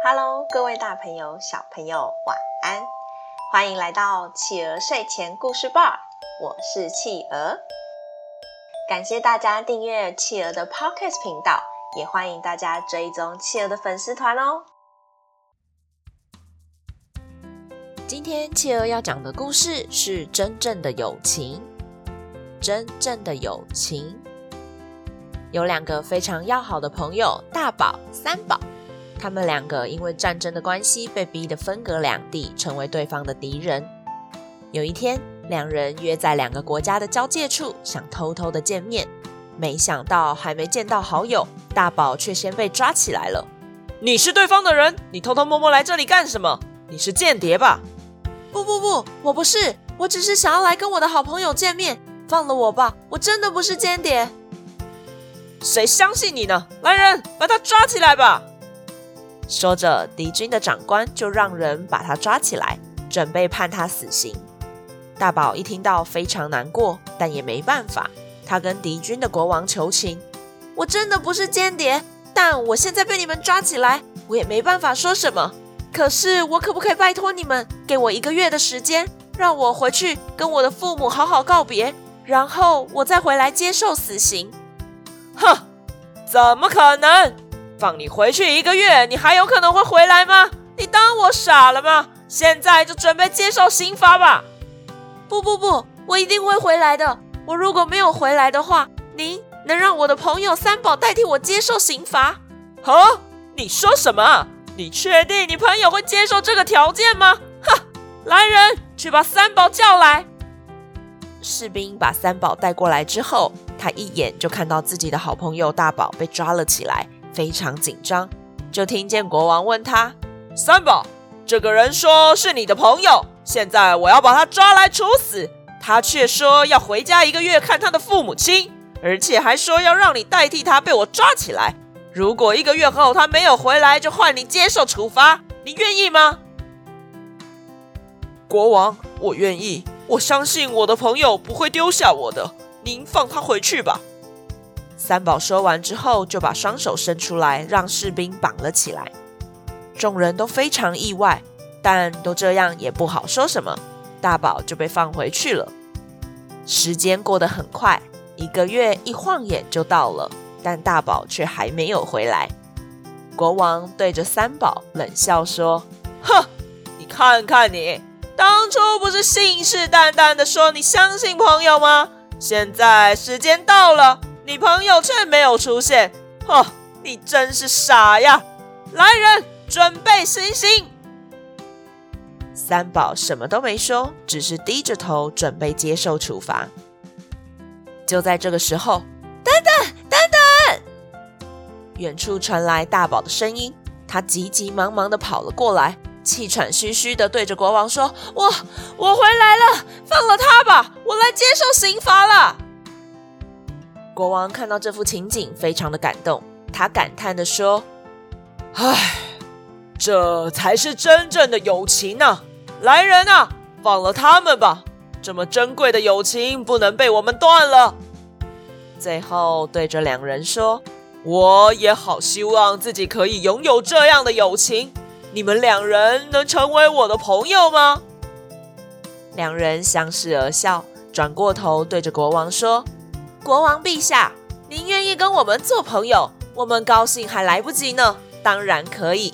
哈嘍各位大朋友、小朋友，晚安！歡迎來到企鵝睡前故事吧，我是企鵝。感謝大家訂閱企鵝的 Podcast 頻道，也歡迎大家追蹤企鵝的粉絲團哦。今天企鵝要講的故事是真正的友情。真正的友情，有兩個非常要好的朋友，大寶、三寶。他們兩個因為戰爭的關係被逼得分隔兩地，成為對方的敵人。有一天，兩人約在兩個國家的交界處，想偷偷的見面，沒想到還沒見到好友，大寶卻先被抓起來了。你是對方的人？你偷偷摸摸來這裡幹什麼？你是間諜吧？不不不，我不是，我只是想要來跟我的好朋友見面。放了我吧，我真的不是間諜。誰相信你呢？來人，把他抓起來吧！說着，敵軍的長官就讓人把他抓起來，準備判他死刑。大寶一聽到非常難過，但也沒辦法。他跟敵軍的國王求情：“我真的不是間諜，但我現在被你們抓起來，我也沒辦法說什麼。可是，我可不可以拜託你們給我一個月的時間，讓我回去跟我的父母好好告別，然後我再回來接受死刑？”“哼，怎麼可能！”放你回去一個月，你還有可能會回來嗎？你當我傻了嗎？現在就準備接受刑罰吧！不不不，我一定會回來的。我如果沒有回來的話，你能讓我的朋友三寶代替我接受刑罰？哈、哦！你說什麼？你確定你朋友會接受這個條件嗎？哈！來人，去把三寶叫來。士兵把三寶帶過來之後，他一眼就看到自己的好朋友大寶被抓了起來。非常緊張，就聽見國王問他：“三寶，這個人說是你的朋友，現在我要把他抓來處死，他卻說要回家一個月看他的父母親，而且還說要讓你代替他被我抓起來。如果一個月後他沒有回來，就換你接受處罰，你願意嗎？”國王，我願意，我相信我的朋友不會丟下我的，您放他回去吧！三寶說完之後，就把雙手伸出來，讓士兵綁了起來。眾人都非常意外，但都這樣也不好說什麼。大寶就被放回去了。時間過得很快，一個月一晃眼就到了，但大寶卻還沒有回來。國王對着三寶冷笑說：“哼，你看看你，當初不是信誓旦旦的說你相信朋友嗎？現在時間到了。”你朋友卻沒有出現，呵、哦，你真是傻呀！來人，準備行刑。三寶什麼都沒說，只是低着頭準備接受處罰。就在這個時候，等等，等等！遠處傳來大寶的聲音，他急急忙忙地跑了過來，氣喘吁吁地對着國王說：“我，我回來了，放了他吧，我來接受刑罰了。”國王看到這幅情景，非常的感動。他感嘆地說：“唉，這才是真正的友情呢！來人啊，放了他們吧！這麼珍貴的友情不能被我們斷了。”最後對着兩人說：“我也好希望自己可以擁有這樣的友情。你們兩人能成為我的朋友嗎？”兩人相視而笑，轉過頭對着國王說。國王陛下，您願意跟我們做朋友？我們高興還來不及呢，當然可以。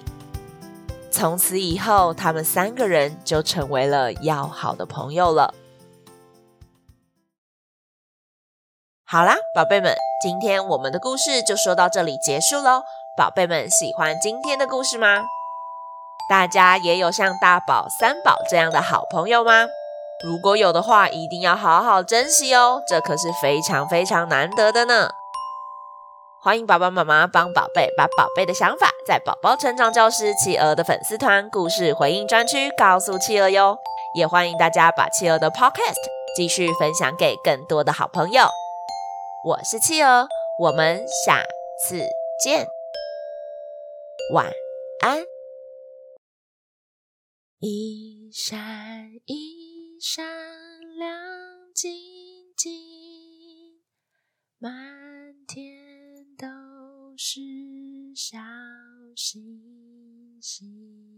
從此以後，他們三個人就成為了要好的朋友了。好啦，寶貝們，今天我們的故事就說到這裡結束嘍。寶貝們，喜歡今天的故事嗎？大家也有像大寶、三寶這樣的好朋友嗎？如果有的話，一定要好好珍惜哦，這可是非常非常難得的呢。歡迎爸爸媽媽幫寶貝把寶貝的想法在寶寶成長教室企鵝的粉絲團故事回應專區告訴企鵝喲，也歡迎大家把企鵝的 Podcast 繼續分享給更多的好朋友。我是企鵝，我們下次見，晚安。一閃一閃亮晶晶，滿天都是小星星。